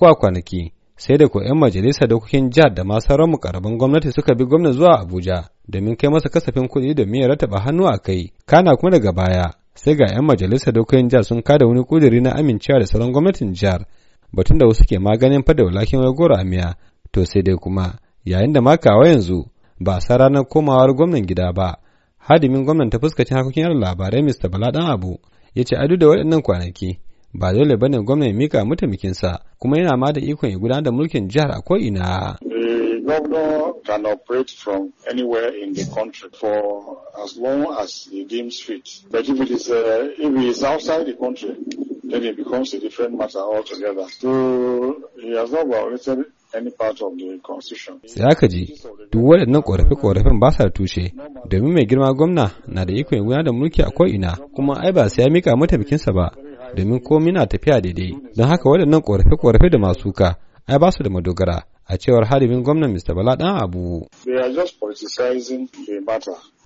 kwa kwanaki sai da ko 'yan majalisar dokokin jihar da ma sauran mukarraban gwamnati suka bi gwamna zuwa Abuja domin kai masa kasafin kuɗi domin ya rataba hannu a kai kana kuma daga baya sai ga 'yan majalisa dokokin jihar sun kada wani kuduri na amincewa da sauran gwamnatin jihar batun da wasu ke maganin fada walakin wai goro miya to sai dai kuma yayin da makawa yanzu ba sa ranar komawar gwamnan gida ba hadimin gwamnan ta fuskacin harkokin labarai mr bala dan abu ya ce adu da waɗannan kwanaki ba dole bane gwamna ya mika mataimakinsa kuma yana ma da ikon ya gudanar da mulkin jihar a ko'ina. governor can operate from anywhere in the country for as long as he deems fit. But if it is uh, if he is outside the country, then it becomes a different matter altogether. So he has not violated any part of the constitution. Sai aka ji duk waɗannan ƙorafe-ƙorafen ba sa tushe domin mai girma gwamna na da ikon gudanar da mulki a ko'ina kuma ai ba sai ya mika mataimakinsa ba. domin komi na tafiya daidai don haka waɗannan ƙorafe-ƙorafe da masu ka ai ba su da madogara a cewar harbin gwamnan Mr. Bala ɗan Abu.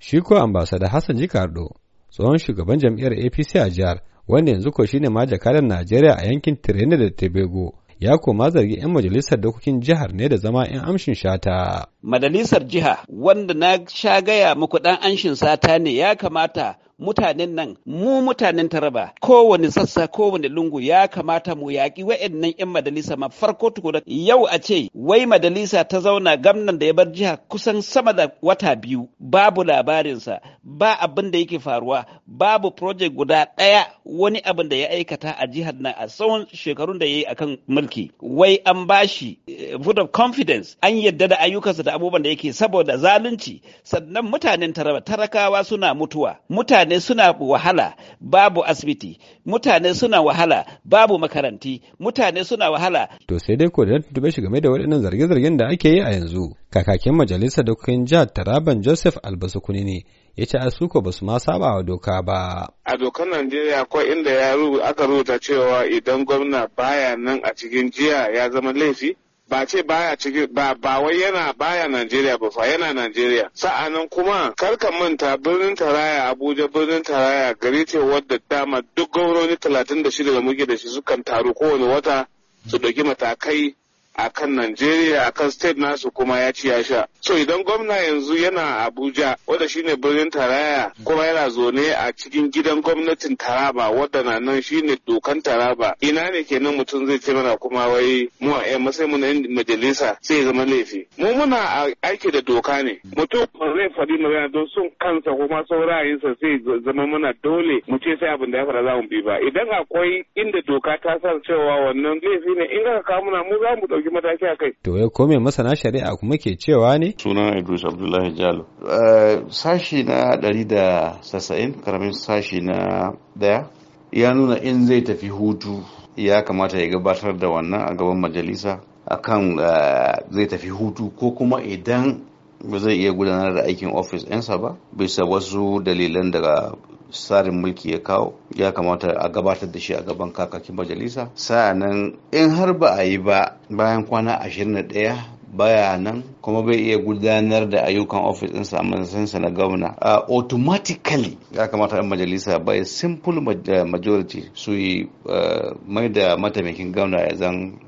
Shi ko ambasada Hassan Jikardo tsohon shugaban jam'iyyar APC a jihar wanda yanzu ko shine ma jakadan Najeriya a yankin Trinidad da Tobago ya koma zargi 'yan majalisar dokokin jihar ne da zama 'yan amshin shata. Majalisar jiha wanda na sha gaya muku dan amshin sata ne ya kamata mutanen nan mu mutanen taraba kowane sassa kowane lungu ya kamata mu yaƙi wa'annan 'yan majalisa ma farko tukuna yau a ce wai majalisa ta zauna gamnan da ya bar jiha kusan sama da wata biyu babu labarinsa ba abin da yake faruwa babu project guda ɗaya wani abin da ya aikata a jihar nan a tsawon shekarun da ya yi akan mulki wai an bashi eh, vote of confidence an yadda da ayyukansa da abubuwan da yake saboda zalunci sannan mutanen taraba tarakawa suna mutuwa mutane suna wahala babu asibiti mutane suna wahala babu makaranti mutane suna wahala to sai dai ko da tuntube shi game da waɗannan zarge-zargen da ake yi a yanzu kakakin majalisar dokokin jihar taraban joseph albasukuni ne ya ce asuko ba su ma saba wa doka ba. A dokar Najeriya akwai inda ya aka rubuta cewa idan gwamna baya nan a cikin jiya ya zama laifi ba ce baya cikin ba ba wai yana baya Najeriya ba fa yana Najeriya nan kuma karka manta birnin Taraya Abuja birnin Taraya gari ce wadda dama duk gwamnoni talatin da muke da shi sukan taru kowane wata su ɗauki matakai a kan Najeriya a kan state nasu kuma ya ci ya sha. So idan gwamna yanzu yana Abuja wadda shine birnin Taraya kuma yana zone a cikin gidan gwamnatin Taraba wadda na nan shine dokan Taraba ina ne kenan mutum zai ce mana kuma wai mu a yan masai mu majalisa sai zama laifi. Mu muna aiki da doka ne. Mutum zai faɗi magana don sun kansa kuma sau ra'ayinsa sai zama mana dole mu ce sai abin da ya faɗa za mu bi ba. Idan akwai inda doka ta sa cewa wannan laifi ne in ka kawo muna mu za mu ɗauki ɗauki mataki a kai. To ya me masana shari'a kuma ke cewa ne? Sunan Idris Abdullahi Jalo. Eh, sashi na ɗari da sassa'in karamin sashi na ɗaya ya nuna in zai tafi hutu ya kamata ya gabatar da wannan a gaban majalisa akan eh, zai tafi hutu ko kuma idan ba zai iya gudanar da aikin ofis ɗinsa ba bisa wasu dalilan daga tsarin mulki ya kawo ya kamata a gabatar da shi a gaban kakakin majalisa sa'annan in har ba a yi ba bayan kwana 21 baya nan kuma bai iya gudanar da ayyukan ofis din sa matsayinsa na gwamna automatically ya kamata 'yan majalisa bai simple eh, majority su yi eh, mai da mataimakin gwamna ya zan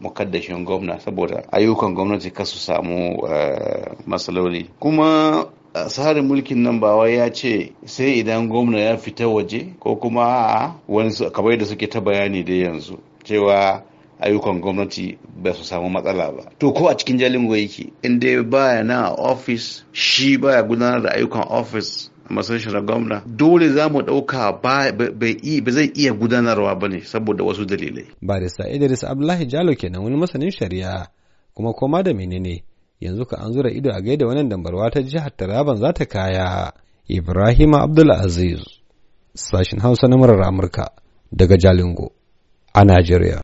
mukaddashin gwamna saboda ayyukan gwamnati kasu samu eh, masaloli. kuma tsarin mulkin nan ba ya ce sai idan gwamna ya fita waje ko kuma wani kamar da suke ta bayani da yanzu cewa ayyukan gwamnati ba su samu matsala ba to ko a cikin jalingo yake in dai baya na a ofis shi baya gudanar da ayyukan ofis a na gwamna dole za mu ɗauka ba zai iya gudanarwa ba ne saboda wasu dalilai. Ba da da idris abdullahi jalo kenan wani masanin shari'a kuma koma da menene yanzu ka an zura ido a gaida wannan dambarwa ta jihar taraban za ta kaya ibrahim abdulaziz sashin hausa na murar amurka daga jalingo a najeriya